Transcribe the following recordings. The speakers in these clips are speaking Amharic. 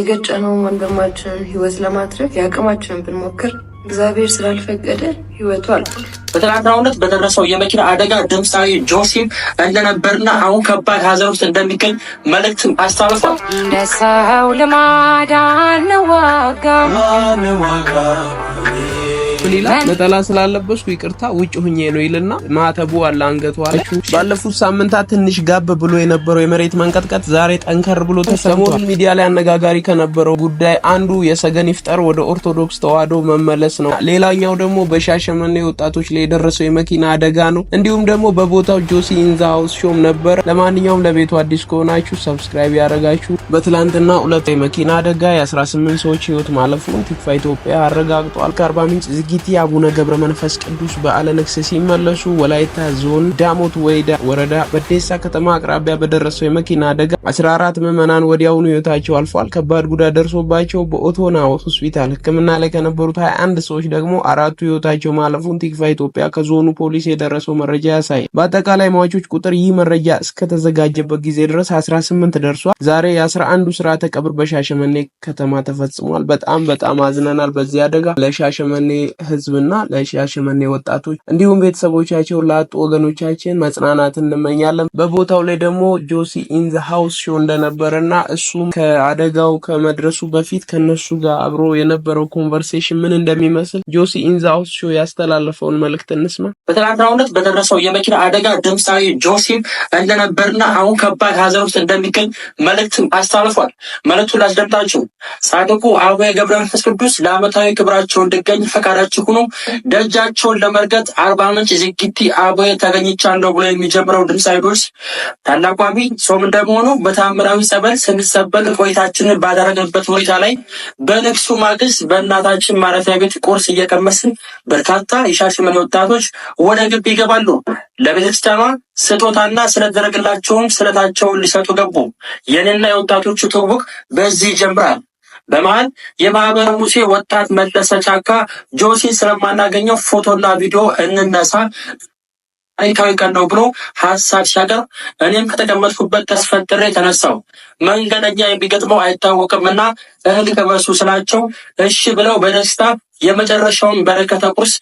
የገጨነውን ወንድማችንን ህይወት ለማትረፍ የአቅማችንን ብንሞክር እግዚአብሔር ስላልፈቀደ ህይወቱ አልፏል። በትናንትናው ዕለት በደረሰው የመኪና አደጋ ድምፃዊ ጆሲም እንደነበርና አሁን ከባድ ሀዘን ውስጥ እንደሚገኝ መልእክትም አስታውቋል። ለሰው ልማድ አንዋጋ ሌላ ነጠላ ስላለበስኩ ይቅርታ ውጭ ሁኜ ነው ይልና ማተቡ አለ አንገቱ አለ። ባለፉት ሳምንታት ትንሽ ጋብ ብሎ የነበረው የመሬት መንቀጥቀጥ ዛሬ ጠንከር ብሎ ተሰምቷል። ሚዲያ ላይ አነጋጋሪ ከነበረው ጉዳይ አንዱ የሰገን ይፍጠር ወደ ኦርቶዶክስ ተዋህዶ መመለስ ነው። ሌላኛው ደግሞ በሻሸመኔ ወጣቶች ላይ የደረሰው የመኪና አደጋ ነው። እንዲሁም ደግሞ በቦታው ጆሲ ኢንዛ ሀውስ ሾም ነበር። ለማንኛውም ለቤቱ አዲስ ከሆናችሁ ሰብስክራይብ ያደረጋችሁ በትላንትና ሁለት የመኪና አደጋ የ18 ሰዎች ህይወት ማለፉን ቲክፋ ኢትዮጵያ አረጋግጧል። ከአርባ ምንጭ ዝጊ ኪቲ አቡነ ገብረ መንፈስ ቅዱስ በዓለ ንግስ ሲመለሱ ወላይታ ዞን ዳሞት ወይዳ ወረዳ በዴሳ ከተማ አቅራቢያ በደረሰው የመኪና አደጋ 14 ምዕመናን ወዲያውኑ ሕይወታቸው አልፏል። ከባድ ጉዳት ደርሶባቸው በኦቶና ሆስፒታል ሕክምና ላይ ከነበሩት 21 ሰዎች ደግሞ አራቱ ሕይወታቸው ማለፉን ቲክፋ ኢትዮጵያ ከዞኑ ፖሊስ የደረሰው መረጃ ያሳያል። በአጠቃላይ ሟቾች ቁጥር ይህ መረጃ እስከተዘጋጀበት ጊዜ ድረስ 18 ደርሷል። ዛሬ የ11ዱ ስርዓተ ቀብር በሻሸመኔ ከተማ ተፈጽሟል። በጣም በጣም አዝነናል በዚህ አደጋ ለሻሸመኔ ህዝብና ለሻሸመኔ ወጣቶች እንዲሁም ቤተሰቦቻቸው ላጡ ወገኖቻችን መጽናናት እንመኛለን። በቦታው ላይ ደግሞ ጆሲ ኢን ዘ ሀውስ ሾው እንደነበረና እሱም ከአደጋው ከመድረሱ በፊት ከነሱ ጋር አብሮ የነበረው ኮንቨርሴሽን ምን እንደሚመስል ጆሲ ኢን ዘ ሀውስ ሾ ያስተላለፈውን መልእክት እንስማ። በትናንትናው ዕለት በደረሰው የመኪና አደጋ ድምፃዊ ጆሲም እንደነበርና አሁን ከባድ ሀዘን ውስጥ እንደሚገኝ መልእክት አስተላልፏል። መልእክቱ ላስደምጣችሁ። ጻድቁ አቡነ ገብረ መንፈስ ቅዱስ ለአመታዊ ክብራቸው እንዲገኝ ፈቃዳቸው ጭኩኑ ደጃቸውን ለመርገጥ አርባ ምንጭ ዝግቲ አቦ ተገኝቻለሁ ብሎ የሚጀምረው ድምፃዊ ዶርሲ ታላቋሚ ጾም እንደመሆኑ በታምራዊ ጸበል ስንሰበል ቆይታችንን ባደረገበት ሁኔታ ላይ በንግሱ ማግስት በእናታችን ማረፊያ ቤት ቁርስ እየቀመስን በርካታ የሻሸመኔ ወጣቶች ወደ ግቢ ይገባሉ። ለቤተክርስቲያኗ ስጦታና ስለደረግላቸውም ስለታቸውን ሊሰጡ ገቡ። የኔና የወጣቶቹ ትውውቅ በዚህ ይጀምራል። በመሀል የማህበረ ሙሴ ወጣት መለሰ ጫካ ጆሲ ስለማናገኘው ፎቶና ቪዲዮ እንነሳ ታሪካዊ ቀን ነው ብሎ ሀሳብ ሲያቀርብ እኔም ከተቀመጥኩበት ተስፈንጥሬ ተነሳው። መንገደኛ የሚገጥመው እና እህል ቅመሱ ስላቸው እሺ ብለው በደስታ የመጨረሻውን በረከተ ቁርስ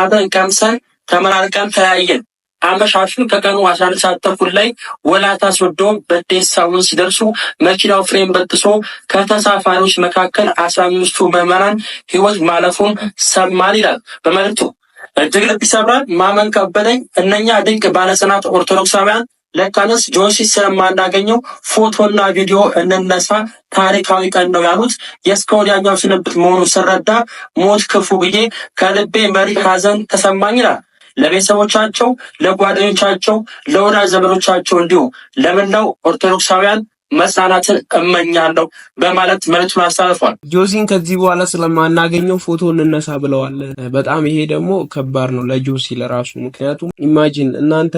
አብረን ቀምሰን ተመራርቀን ተያየን። አመሻሹን ከቀኑ አስራ አንድ ሰዓት ተኩል ላይ ወላታ አስወዶ በዴሳውን ሲደርሱ መኪናው ፍሬም በጥሶ ከተሳፋሪዎች መካከል አስራ አምስቱ ምዕመናን ህይወት ማለፉን ሰማን ይላል በመልእክቱ። እጅግ ልብ ይሰብራል። ማመን ከበደኝ። እነኛ ድንቅ ባለጽናት ኦርቶዶክሳውያን ለካነስ ጆሲ ስለማናገኘው ፎቶና ቪዲዮ እንነሳ ታሪካዊ ቀን ነው ያሉት ያኛው ስንብት መሆኑን ስረዳ ሞት ክፉ ብዬ ከልቤ መሪ ሀዘን ተሰማኝ ይላል። ለቤተሰቦቻቸው፣ ለጓደኞቻቸው፣ ለወዳጅ ዘመዶቻቸው እንዲሁ ለመላው ኦርቶዶክሳውያን መጽናናትን እመኛለሁ በማለት መልዕክቱን አስተላልፏል። ጆሲን ከዚህ በኋላ ስለማናገኘው ፎቶ እንነሳ ብለዋል። በጣም ይሄ ደግሞ ከባድ ነው ለጆሲ ለራሱ። ምክንያቱም ኢማጂን እናንተ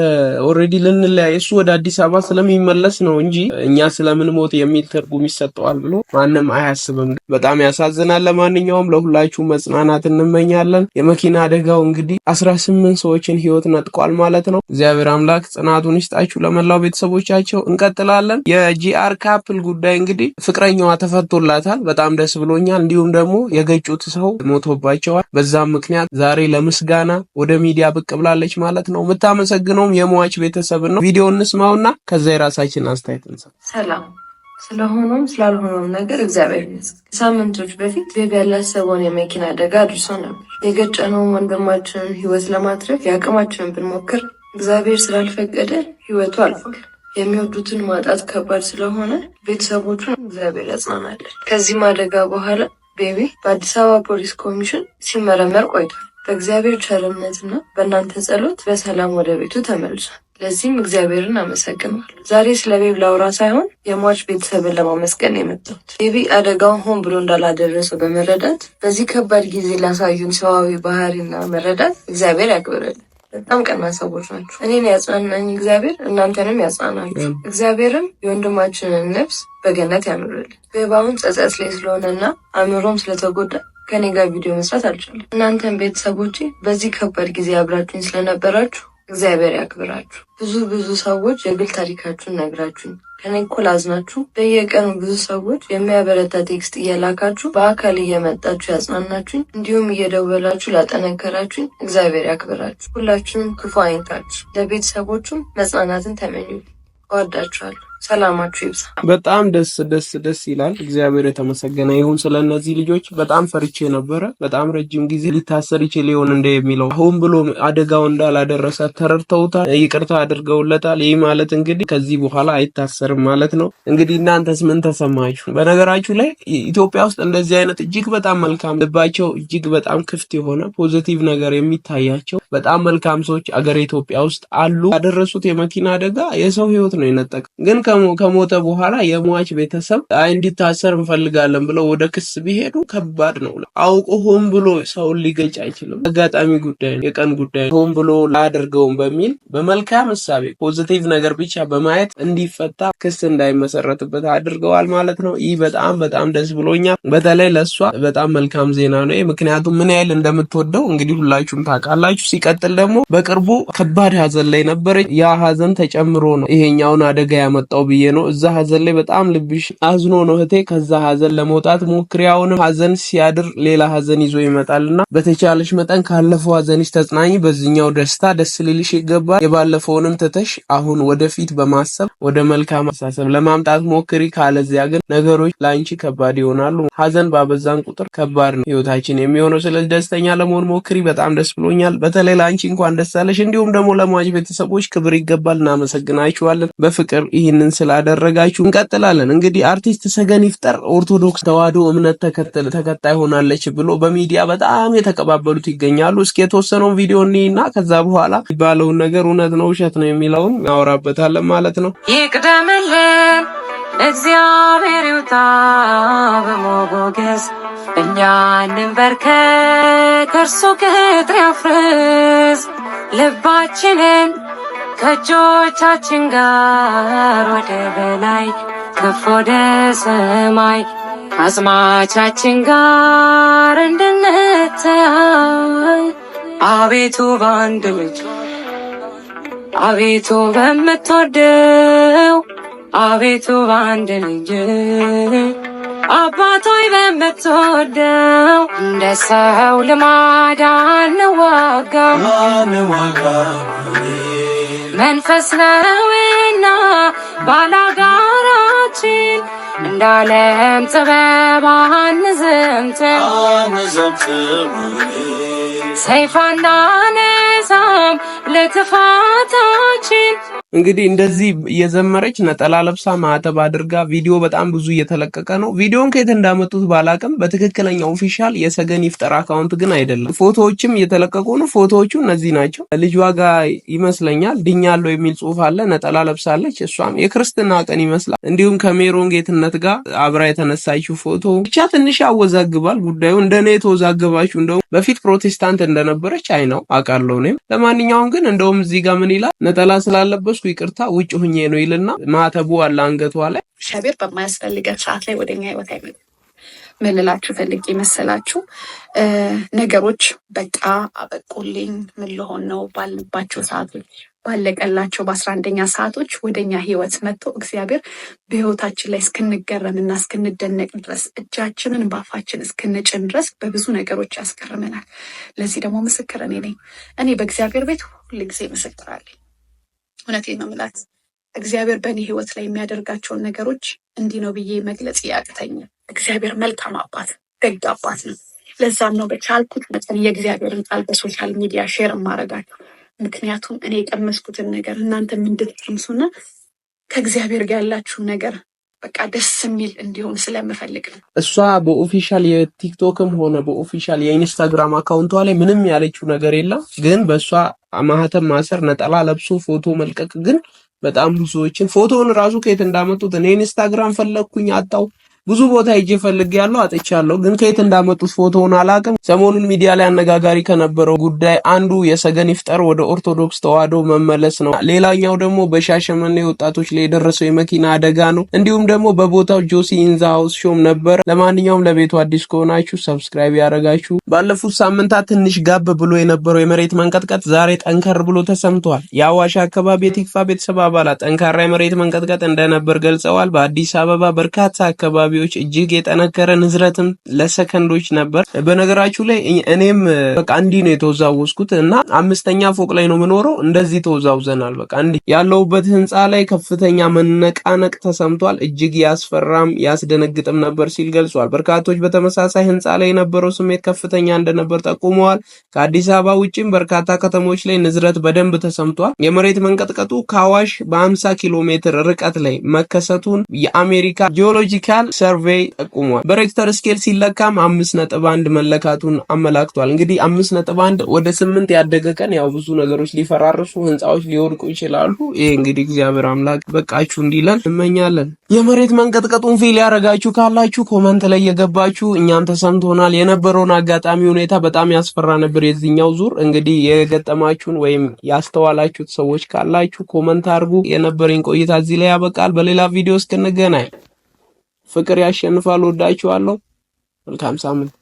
ኦልሬዲ ልንለያይ እሱ ወደ አዲስ አበባ ስለሚመለስ ነው እንጂ እኛ ስለምን ሞት የሚል ትርጉም ይሰጠዋል ብሎ ማንም አያስብም። በጣም ያሳዝናል። ለማንኛውም ለሁላችሁ መጽናናት እንመኛለን። የመኪና አደጋው እንግዲህ አስራ ስምንት ሰዎችን ህይወት ነጥቋል ማለት ነው። እግዚአብሔር አምላክ ጽናቱን ይስጣችሁ ለመላው ቤተሰቦቻቸው። እንቀጥላለን የጂአ የስታር ካፕል ጉዳይ እንግዲህ ፍቅረኛዋ ተፈቶላታል። በጣም ደስ ብሎኛል። እንዲሁም ደግሞ የገጩት ሰው ሞቶባቸዋል። በዛም ምክንያት ዛሬ ለምስጋና ወደ ሚዲያ ብቅ ብላለች ማለት ነው። የምታመሰግነውም የሟች ቤተሰብ ነው። ቪዲዮ እንስማውና ከዛ የራሳችን አስተያየት እንሰ ሰላም ስለሆነም ስላልሆነም ነገር እግዚአብሔር ይመስገን። ሳምንቶች በፊት ቤቢ ያላሰበውን የመኪና አደጋ አድርሶ ነበር። የገጨነውን ወንድማችንን ህይወት ለማትረፍ የአቅማችንን ብንሞክር እግዚአብሔር ስላልፈቀደ ህይወቱ ። አልፏል። የሚወዱትን ማጣት ከባድ ስለሆነ ቤተሰቦቹን እግዚአብሔር ያጽናናለን። ከዚህም አደጋ በኋላ ቤቢ በአዲስ አበባ ፖሊስ ኮሚሽን ሲመረመር ቆይቷል። በእግዚአብሔር ቸርነትና በእናንተ ጸሎት በሰላም ወደ ቤቱ ተመልሷል። ለዚህም እግዚአብሔርን አመሰግነዋል። ዛሬ ስለ ቤቢ ላውራ ሳይሆን የሟች ቤተሰብን ለማመስገን የመጣሁት። ቤቢ አደጋውን ሆን ብሎ እንዳላደረሰው በመረዳት በዚህ ከባድ ጊዜ ላሳዩን ሰዋዊ ባህሪና መረዳት እግዚአብሔር ያክብረልን። በጣም ቀና ሰዎች ናቸው። እኔን ያጽናናኝ እግዚአብሔር እናንተንም ያጽናናችሁ። እግዚአብሔርም የወንድማችንን ነፍስ በገነት ያኑርልን። ገባውን ጸጸት ላይ ስለሆነና አእምሮም ስለተጎዳ ከኔ ጋር ቪዲዮ መስራት አልቻለም። እናንተን ቤተሰቦቼ በዚህ ከባድ ጊዜ አብራችሁኝ ስለነበራችሁ እግዚአብሔር ያክብራችሁ። ብዙ ብዙ ሰዎች የግል ታሪካችሁን ነግራችሁኝ ከኔ እኮ ላዝናችሁ። በየቀኑ ብዙ ሰዎች የሚያበረታ ቴክስት እየላካችሁ በአካል እየመጣችሁ ያጽናናችሁኝ፣ እንዲሁም እየደወላችሁ ላጠነከራችሁኝ እግዚአብሔር ያክብራችሁ። ሁላችሁም ክፉ አይንካችሁ። ለቤተሰቦቹም መጽናናትን ተመኙ። እወዳችኋለሁ። ሰላማችሁ ይብዛ። በጣም ደስ ደስ ደስ ይላል። እግዚአብሔር የተመሰገነ ይሁን። ስለ እነዚህ ልጆች በጣም ፈርቼ ነበረ። በጣም ረጅም ጊዜ ሊታሰር ይችል ይሆን እንደ የሚለው አሁን ብሎ አደጋው እንዳላደረሰ ተረድተውታል፣ ይቅርታ አድርገውለታል። ይህ ማለት እንግዲህ ከዚህ በኋላ አይታሰርም ማለት ነው። እንግዲህ እናንተስ ምን ተሰማችሁ? በነገራችሁ ላይ ኢትዮጵያ ውስጥ እንደዚህ አይነት እጅግ በጣም መልካም ልባቸው እጅግ በጣም ክፍት የሆነ ፖዘቲቭ ነገር የሚታያቸው በጣም መልካም ሰዎች አገር ኢትዮጵያ ውስጥ አሉ። ያደረሱት የመኪና አደጋ የሰው ህይወት ነው የነጠቀ ግን ከሞተ በኋላ የሟች ቤተሰብ እንዲታሰር እንፈልጋለን ብለው ወደ ክስ ቢሄዱ ከባድ ነው። አውቆ ሆን ብሎ ሰውን ሊገጭ አይችልም። አጋጣሚ ጉዳይ ነው፣ የቀን ጉዳይ ሆን ብሎ ላያደርገውም በሚል በመልካም እሳቤ ፖዚቲቭ ነገር ብቻ በማየት እንዲፈታ ክስ እንዳይመሰረትበት አድርገዋል ማለት ነው። ይህ በጣም በጣም ደስ ብሎኛል። በተለይ ለእሷ በጣም መልካም ዜና ነው። ምክንያቱም ምን ያህል እንደምትወደው እንግዲህ ሁላችሁም ታውቃላችሁ። ሲቀጥል ደግሞ በቅርቡ ከባድ ሀዘን ላይ ነበረች። ያ ሀዘን ተጨምሮ ነው ይሄኛውን አደጋ ያመጣው ብዬ ነው። እዛ ሀዘን ላይ በጣም ልብሽ አዝኖ ነው እህቴ። ከዛ ሀዘን ለመውጣት ሞክሪ። አሁንም ሀዘን ሲያድር ሌላ ሀዘን ይዞ ይመጣልና በተቻለሽ መጠን ካለፈው ሀዘንሽ ተጽናኝ። በዚኛው ደስታ ደስ ሊልሽ ይገባል። የባለፈውንም ትተሽ አሁን ወደፊት በማሰብ ወደ መልካም አሳሰብ ለማምጣት ሞክሪ። ካለዚያ ግን ነገሮች ለአንቺ ከባድ ይሆናሉ። ሀዘን ባበዛን ቁጥር ከባድ ነው ህይወታችን የሚሆነው። ስለዚህ ደስተኛ ለመሆን ሞክሪ። በጣም ደስ ብሎኛል። በተለይ ለአንቺ እንኳን ደስ አለሽ። እንዲሁም ደግሞ ለሟች ቤተሰቦች ክብር ይገባል። እናመሰግናችኋለን። በፍቅር ይህን ይህንን ስላደረጋችሁ እንቀጥላለን። እንግዲህ አርቲስት ሰገን ይፍጠር ኦርቶዶክስ ተዋህዶ እምነት ተከታይ ሆናለች ብሎ በሚዲያ በጣም የተቀባበሉት ይገኛሉ። እስኪ የተወሰነውን ቪዲዮ እኒና ከዛ በኋላ የሚባለውን ነገር እውነት ነው ውሸት ነው የሚለውን እናወራበታለን ማለት ነው። ይቅደምልን እግዚአብሔር ይውጣ በሞገስ እኛ እንበርከት እርሱ ቅጥር ያፍርስ ልባችንን ከእጆቻችን ጋር ወደ በላይ ከፍ ወደ ሰማይ አጽማቻችን ጋር እንድንታይ አቤቱ በአንድ ልጅ አቤቱ በምትወደው አቤቱ በአንድ ልጅ አባቶይ በምትወደው እንደ ሰው አንዋጋ አንዋጋ መንፈስ ነውና ባላጋራችን እንዳለም ጥበብ አንዘምትም ሰይፋና መሳብ ለጥፋታችን። እንግዲህ እንደዚህ እየዘመረች ነጠላ ለብሳ ማዕተብ አድርጋ ቪዲዮ በጣም ብዙ እየተለቀቀ ነው። ቪዲዮን ከየት እንዳመጡት ባላቅም በትክክለኛ ኦፊሻል የሰገን ይፍጠር አካውንት ግን አይደለም። ፎቶዎችም እየተለቀቁ ነው። ፎቶዎቹ እነዚህ ናቸው። ልጇ ጋር ይመስለኛል ድኛለሁ የሚል ጽሁፍ አለ። ነጠላ ለብሳለች። እሷም የክርስትና ቀን ይመስላል። እንዲሁም ከሜሮን ጌትነት ጋር አብራ የተነሳችው ፎቶ ብቻ ትንሽ ያወዛግባል ጉዳዩ። እንደኔ የተወዛገባችሁ እንደው በፊት ፕሮቴስታንት እንደነበረች አይ ነው አውቃለሁ እኔም። ለማንኛውም ግን እንደውም እዚህ ጋር ምን ይላል? ነጠላ ስላለበስኩ ይቅርታ ውጭ ሁኜ ነው ይልና ማተቡ አለ አንገቷ ላይ። እግዚአብሔር በማያስፈልገን ሰዓት ላይ ወደኛ ህይወት አይመጣም። ምን ልላችሁ ፈልጌ መሰላችሁ? ነገሮች በቃ አበቁልኝ፣ ምን ልሆን ነው ባልንባቸው ሰዓቶች ባለቀላቸው በአስራ አንደኛ ሰዓቶች ወደኛ ህይወት መጥቶ እግዚአብሔር በህይወታችን ላይ እስክንገረምና እስክንደነቅ ድረስ እጃችንን ባፋችን እስክንጭን ድረስ በብዙ ነገሮች ያስገርመናል። ለዚህ ደግሞ ምስክር እኔ ነኝ። እኔ በእግዚአብሔር ቤት ሁል ጊዜ ምስክር አለኝ። እውነቴን ነው የምላት። እግዚአብሔር በእኔ ህይወት ላይ የሚያደርጋቸውን ነገሮች እንዲህ ነው ብዬ መግለጽ ያቅተኛል። እግዚአብሔር መልካም አባት፣ ደግ አባት ነው። ለዛም ነው በቻልኩት መጠን የእግዚአብሔርን ቃል በሶሻል ሚዲያ ሼር ማረጋቸው ምክንያቱም እኔ የቀመስኩትን ነገር እናንተ እንድትቀምሱና ከእግዚአብሔር ጋር ያላችሁን ነገር በቃ ደስ የሚል እንዲሆን ስለምፈልግ ነው። እሷ በኦፊሻል የቲክቶክም ሆነ በኦፊሻል የኢንስታግራም አካውንቷ ላይ ምንም ያለችው ነገር የለም። ግን በእሷ ማህተም ማሰር፣ ነጠላ ለብሶ ፎቶ መልቀቅ ግን በጣም ብዙዎችን ፎቶውን ራሱ ከየት እንዳመጡት እኔ ኢንስታግራም ፈለግኩኝ አጣው ብዙ ቦታ ሄጄ ፈልግ ያለው አጥቻለሁ፣ ግን ከየት እንዳመጡት ፎቶውን አላውቅም። ሰሞኑን ሚዲያ ላይ አነጋጋሪ ከነበረው ጉዳይ አንዱ የሰገን ይፍጠር ወደ ኦርቶዶክስ ተዋህዶ መመለስ ነው። ሌላኛው ደግሞ በሻሸመኔ ወጣቶች ላይ የደረሰው የመኪና አደጋ ነው። እንዲሁም ደግሞ በቦታው ጆሲ ኢንዛ ሀውስ ሾም ነበር። ለማንኛውም ለቤቱ አዲስ ከሆናችሁ ሰብስክራይብ ያደረጋችሁ። ባለፉት ሳምንታት ትንሽ ጋብ ብሎ የነበረው የመሬት መንቀጥቀጥ ዛሬ ጠንከር ብሎ ተሰምቷል። የአዋሽ አካባቢ የቲክፋ ቤተሰብ አባላት ጠንካራ የመሬት መንቀጥቀጥ እንደነበር ገልጸዋል። በአዲስ አበባ በርካታ አካባቢ አካባቢዎች እጅግ የጠነከረ ንዝረትም ለሰከንዶች ነበር። በነገራችሁ ላይ እኔም በቃ እንዲህ ነው የተወዛወዝኩት እና አምስተኛ ፎቅ ላይ ነው የምኖረው። እንደዚህ ተወዛውዘናል። በቃ እንዲህ ያለውበት ህንፃ ላይ ከፍተኛ መነቃነቅ ተሰምቷል። እጅግ ያስፈራም ያስደነግጥም ነበር ሲል ገልጿል። በርካቶች በተመሳሳይ ህንፃ ላይ የነበረው ስሜት ከፍተኛ እንደነበር ጠቁመዋል። ከአዲስ አበባ ውጭም በርካታ ከተሞች ላይ ንዝረት በደንብ ተሰምቷል። የመሬት መንቀጥቀጡ ከአዋሽ በ50 ኪሎ ሜትር ርቀት ላይ መከሰቱን የአሜሪካ ጂኦሎጂካል ሰርቬይ ጠቁሟል። በሬክተር ስኬል ሲለካም አምስት ነጥብ አንድ መለካቱን አመላክቷል። እንግዲህ አምስት ነጥብ አንድ ወደ ስምንት ያደገ ቀን ያው ብዙ ነገሮች ሊፈራርሱ፣ ህንፃዎች ሊወድቁ ይችላሉ። ይሄ እንግዲህ እግዚአብሔር አምላክ በቃችሁ እንዲለን እመኛለን። የመሬት መንቀጥቀጡን ፊል ያደረጋችሁ ካላችሁ ኮመንት ላይ የገባችሁ እኛም ተሰምቶናል። የነበረውን አጋጣሚ ሁኔታ በጣም ያስፈራ ነበር። የዚህኛው ዙር እንግዲህ የገጠማችሁን ወይም ያስተዋላችሁት ሰዎች ካላችሁ ኮመንት አድርጉ። የነበረኝ ቆይታ እዚህ ላይ ያበቃል። በሌላ ቪዲዮ እስክንገናኝ ፍቅር ያሸንፋል። ወዳችኋለሁ። መልካም ሳምንት